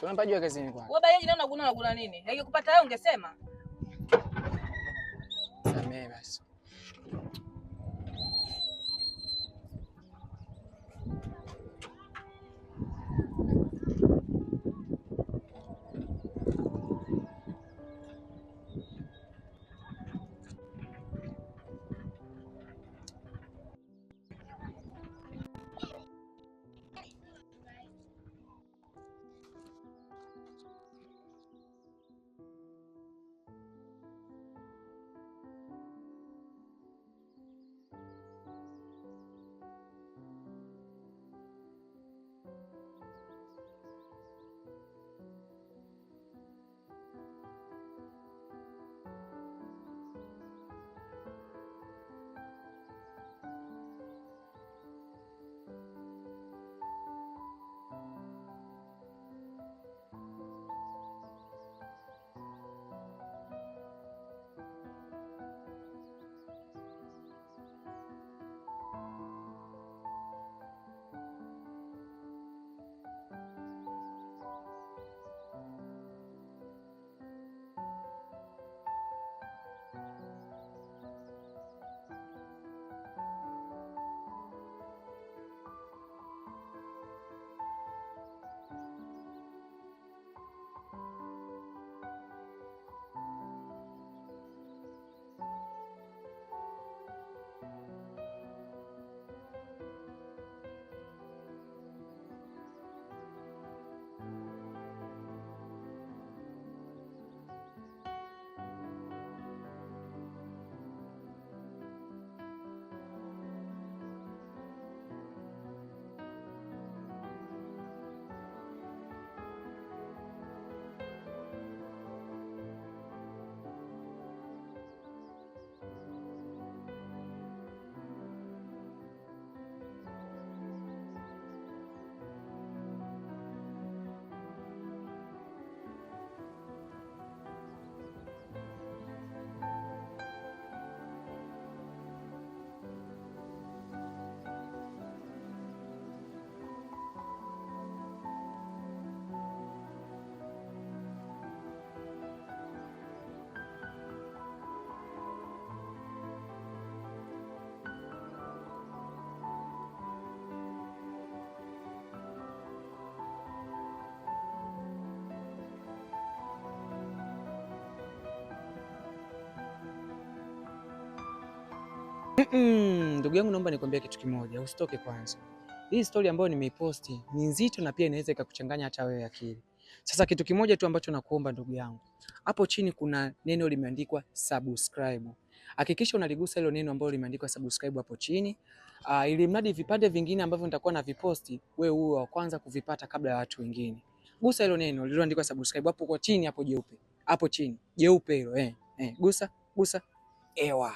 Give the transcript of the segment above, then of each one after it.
Tunapajua kazini kwanza. Wewe bajaji naona unaguna unaguna nini? Ingekupata wewe ungesema. Samee basi. Mm, ndugu yangu naomba nikwambie kitu kimoja, usitoke kwanza. Hii story ambayo nimeiposti ni nzito na pia inaweza ikakuchanganya hata wewe akili. Sasa kitu kimoja tu ambacho nakuomba ndugu yangu, hapo chini kuna neno limeandikwa subscribe. Hakikisha unaligusa hilo neno ambalo limeandikwa subscribe hapo chini. Uh, ili mradi vipande vingine ambavyo nitakuwa na viposti, wewe uwe wa kwanza kuvipata kabla ya watu wengine. Gusa hilo neno lililoandikwa subscribe hapo kwa chini hapo jeupe. Hapo chini, jeupe hilo eh. Eh, gusa, gusa. Ewa.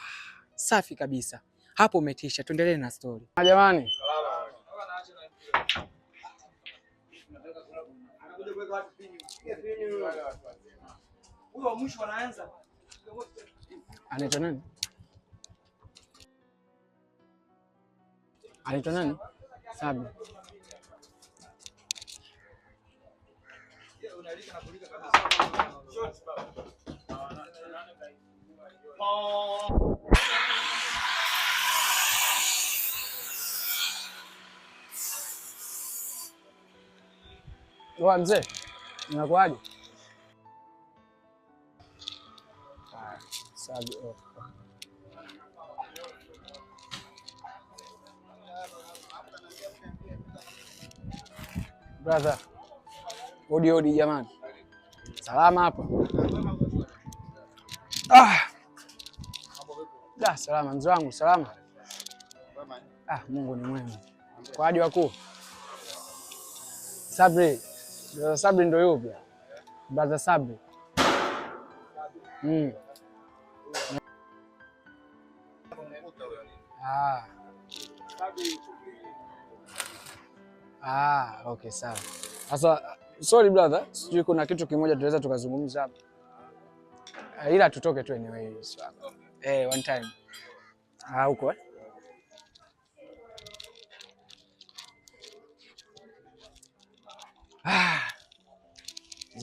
Safi kabisa, hapo umetisha. Tuendelee na story. stori ah, jamani. Anaitwa nani? Anaitwa nani? Sabi. Oh. Oa mzee, unakuaje? Brother, odi odi jamani, salama hapa? Ah. Da, salama mzee wangu, salama. Ah, Mungu ni mwema. Kwaje wakuu? Sabri Brother Sabri ndo yupi? Brother Sabri. Mm. Ah. Ah, okay, sawa. Sasa sorry brother, sijui kuna kitu kimoja tunaweza tukazungumza hapa. Ah, ila tutoke tu anyway. Eh, one time. Ah, uko eh?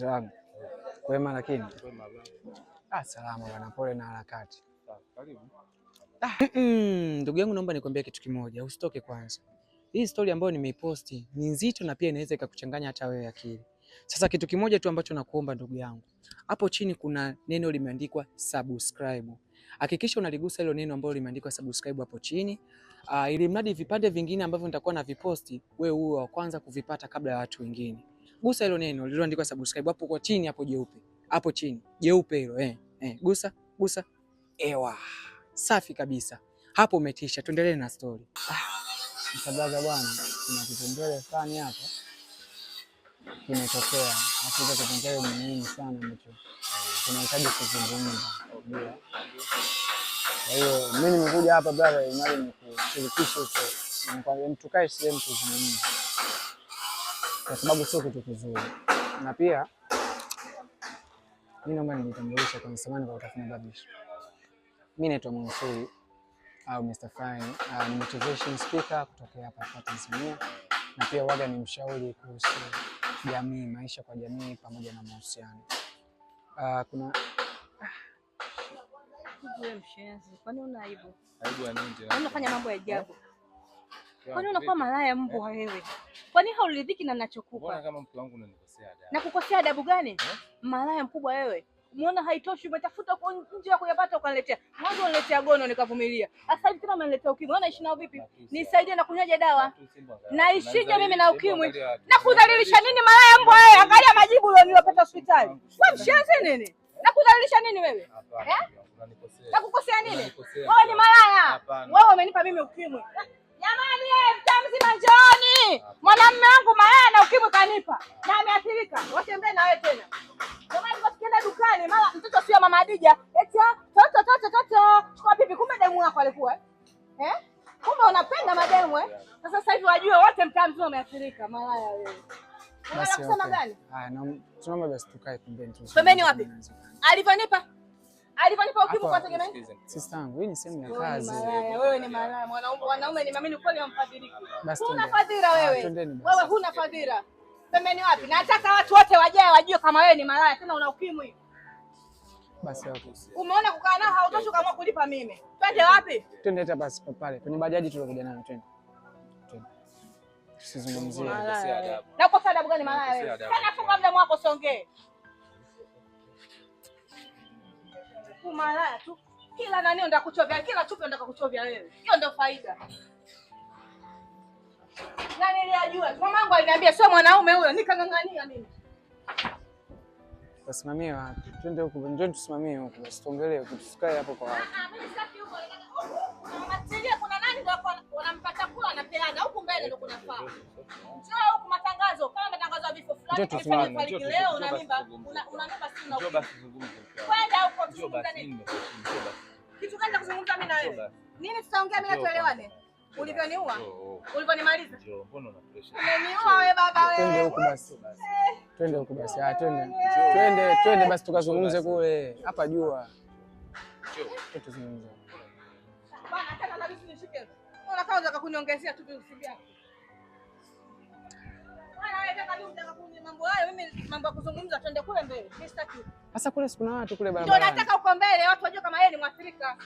marafiki zangu. Kwema lakini? Kwema baba. Ah, salama bwana, pole na harakati. Karibu. Ah, ndugu yangu naomba nikwambie kitu kimoja, usitoke kwanza. Hii story ambayo nimeiposti ni nzito na pia inaweza ikakuchanganya hata wewe akili. Sasa kitu kimoja tu ambacho nakuomba ndugu yangu, hapo chini kuna neno limeandikwa subscribe. Hakikisha unaligusa hilo neno ambalo limeandikwa subscribe hapo chini, uh, ili mradi vipande vingine ambavyo nitakuwa na viposti, wewe uwe wa kwanza kuvipata kabla ya watu wengine gusa hilo neno lililoandikwa subscribe hapo kwa chini, hapo jeupe, hapo chini jeupe hilo eh, eh, gusa gusa. Ewa, safi kabisa, hapo umetisha. Tuendelee na stori. Msabaga bwana, kuna kipengele fulani hapa kimetokea, afu kipengele muhimu sana ambacho tunahitaji kuzungumza. Kwa hiyo mimi nimekuja hapa brother, ili nikushirikishe, mtukae sehemu tuzungumze kwa sababu sio kitu kizuri, na pia mimi naomba nijitambulishe kwa msamani kwa utafuna publish. Mimi naitwa Mwansuri au Mr. Fine. Uh, ni motivation speaker kutoka hapa kwa Tanzania na pia waga ni mshauri kuhusu jamii, maisha kwa jamii pamoja na mahusiano. Uh, kuna Kwani unafanya mambo ya ajabu? Kwani unakuwa malaya mbwa wewe? Kwani hauridhiki na ninachokupa? Mbona Kama mke wangu unanikosea adabu. Na kukosea adabu gani? Eh? Malaya mkubwa wewe. Umeona haitoshi, umetafuta kwa nje ya kuyapata ukaniletea. Mwanzo unaletea gono nikavumilia. Sasa hivi tena unaniletea ukimwi. Unaona ishi na vipi? Nisaidie na kunyaje dawa. Naishije mimi na ukimwi? Na kudhalilisha nini malaya mbwa wewe? Angalia majibu leo nilopata hospitali. Wewe mshenzi nini? Na kudhalilisha nini wewe? Eh? Na kukosea nini? Wewe ni malaya. Wewe umenipa mimi ukimwi. Jamani, eh, mtamzima njooni, mwanamume wangu malaya na ukimwi kanipa na ameathirika, watembee na wewe tena. Tukienda dukani, mara mtoto sio mama Adija, eti ah, toto toto toto, chukua pipi, kumbe demu yako alikuwa eh? eh, kumbe unapenda mademu eh. Sasa sasa hivi wajue wote mtamzima umeathirika, malaya wewe. Unataka tunaomba basi tukae pembeni Pembeni wapi? Alivyonipa Alifanikiwa ukimu kwa tegemea. Sister yangu, hii ni sehemu ya kazi. Wewe ni malaya. Wanaume ni mamini kweli wamfadhili. Huna fadhila ah, wewe. Wewe huna fadhila. Pembeni wapi? Nataka watu wote wajae wajue kama wewe ni malaya tena una ukimu hiyo. Basi hapo. Umeona kukaa nao hautoshi kama kulipa mimi. Twende wapi? Twende hata basi pale. Kwenye bajaji tulikuja nayo twende. Tusizungumzie. Nakosa adabu gani malaya wewe? Kana funga mdomo wako songee. siku malaya tu, kila nani ndio kuchovya, kila chupi ndio kuchovya wewe. Hiyo ndio faida. Na niliajua mamangu aliniambia sio mwanaume huyo, nikang'ang'ania mimi. Tusimamie wapi? Twende huko, njoo tusimamie huko, usituongelee huko, tusikae hapo kwa watu. Ah, njoo basi zungumza. Kwenda huko tuzungumzane. Kitu gani cha kuzungumza mimi na wewe? Nini tutaongea mimi tuelewane? Ulivyoniua? Oh. Ulivyonimaliza? Umeniua wewe baba wewe. Twende huko basi. Twende huko basi. Ah, twende. Twende, twende basi tukazungumze kule. Hapa jua. Njoo. Tuzungumze. Bana hata na mimi nishike. Unakaa unataka kuniongezea tu vitu vyako. mambo hayo, mimi mambo ya kuzungumza twende kule mbele. Mimi sitaki. Sasa kule sikuna watu kule barabarani. Ndio nataka uko mbele watu wajue kama yeye ni Mwafrika.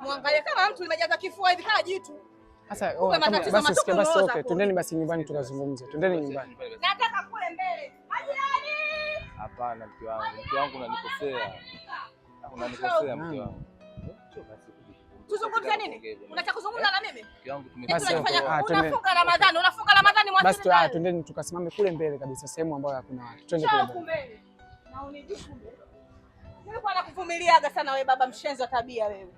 Muangalie kama mtu limejaza kifua hivi kama jitu. Sasa oh, basi sikia basi okay. Twendeni basi nyumbani tukazungumze. Twendeni nyumbani. Nataka kule mbele. Haji haji. Hapana mke wangu. Mke wangu unanikosea. Unanikosea mke wangu. Tuzungumze nini? Unataka kuzungumza na mimi? Mke wangu yaani ah, Unafunga Ramadhani, unafunga Ramadhani ah, Mwafrika. Basi twendeni tukasimame kule mbele kabisa sehemu ambayo hakuna watu. Twende kule mbele. Nilikuwa nakuvumiliaga sana wewe, baba mshenzi wa tabia wewe.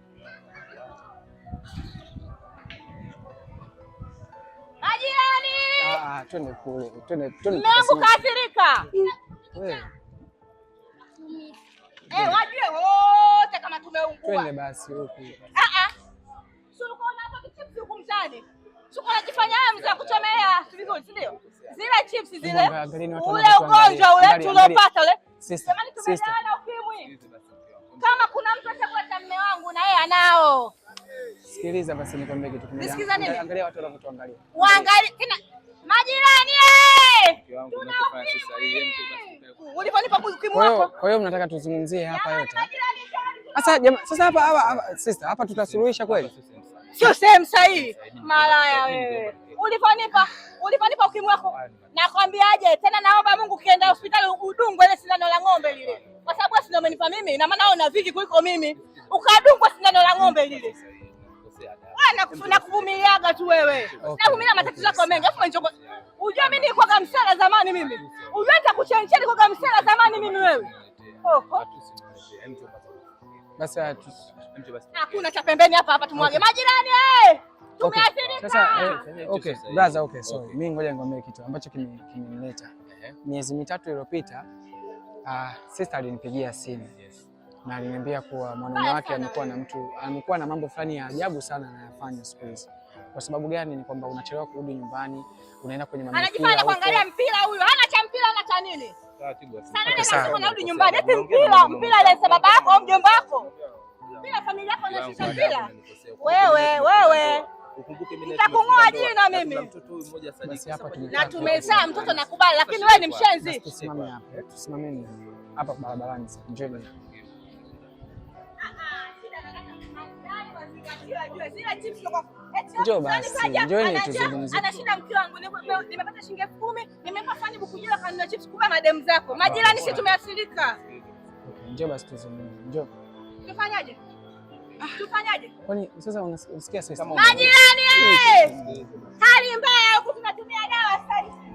Majirani, ah, mmeangu kaathirika. Eh, wajue wote kama tumeungua. Ah, ah. Unajifanya mzee kuchomelea, si ndio? zile chips zile, ule ugonjwa ule tuliopata ule. Jamani, tumejaana ukimwi. Kama kuna mtu atakuwa cha mme wangu na yeye anao. Sikiliza basi nikwambie kitu kimoja. Sikiliza nini? Angalia watu wanavyotuangalia. Waangalie kina majirani eh. Tuna ukimwi. wako. Kwa hiyo mnataka tuzungumzie hapa yote. Sasa jamaa, sasa hapa hapa sister, hapa tutasuluhisha kweli? Sio sehemu sahihi. Malaya wewe uliponipa uliponipa ukimwi wako, nakwambiaje tena, naomba Mungu ukienda hospitali udungwe ile sindano la ng'ombe lile, kwa sababu wewe sindano umenipa mimi, na maana wewe una viki kuliko mimi, ukadungwa sindano la ng'ombe lile. Nakuvumiliaga tu wewe, navumilia matatizo yako mengi. Ujua mimi nilikuwa gamsela zamani mimi, ujua nitakuchenjia, nilikuwa gamsela zamani mimi wewe. Hakuna cha pembeni hapa hapa, tumwage majirani. Eh! Okay, eh, ah. brother, Mimi ngoja nikwambie kitu ambacho kimenileta. Miezi mitatu iliyopita, uh, sister alinipigia simu na aliniambia kuwa mwanaume wake amekuwa na mtu amekuwa na mambo fulani ya ajabu sana anayofanya siku hizi. Kwa sababu gani? Ni kwamba unachelewa kurudi nyumbani, unaenda kwenye mambo. Anajifanya kuangalia mpira huyo, hana cha mpira, hana cha nini. Narudi nyumbani, eti mpira mpira, ile baba yako au mjomba wako, mpira familia yako inashisha mpira, wewe wewe nitakung'oa jina mimi. Na tumezaa mtoto nakubali, lakini wewe ni mshenzi. Tusimameni hapa barabarani, njoo Njoo basi, njoo tuzungumze. Anashinda mke wangu, nimepata shilingi elfu kumi, nimempa fani buku kanunua chips kubwa madem zako. Majirani sisi tumeasilika. Njoo basi tuzungumze. Njoo. Tufanyaje? Tufanyaje? Kwani sasa unasikia sasa majirani, hali mbaya huku, tunatumia dawa sasa.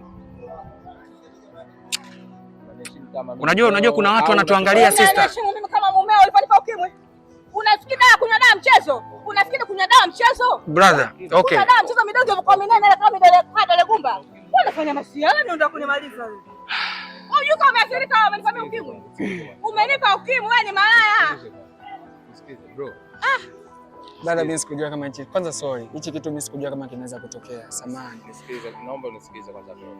Unajua, unajua kuna watu wanatuangalia sister. Mimi kama mumeo uliponipa ukimwi. Unafikiri dawa kunywa dawa mchezo? Unafikiri kunywa dawa mchezo? Brother, okay. Kunywa dawa mchezo midogo mko minene na kama midole kwa dole gumba. Unafanya masiala ndio ndio kunimaliza wewe. Ujuka umeathirika, umenifanyia ukimwi. Umenipa ukimwi, wewe ni malaya. Bro. Dada, mimi sikujua kama hichi. Kwanza sorry. Hichi kitu mimi sikujua kama kinaweza kutokea. Samahani. Nisikilize, naomba unisikilize kwanza wewe.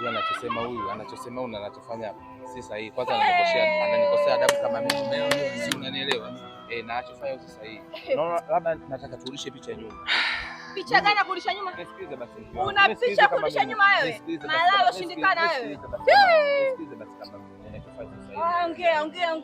Yeye anachosema huyu, anachosema huyu na anachofanya si sahihi. Kwanza ananikosea, ananikosea adabu kama mimi mwenyewe. Si unanielewa? Eh, na anachofanya si sahihi. Naona labda nataka turudishe picha nyuma. Picha gani kurudisha nyuma? Nisikilize basi. Una picha kurudisha nyuma wewe? Malalo shindikana wewe. Nisikilize basi kama mimi. Ongea, ongea, ongea.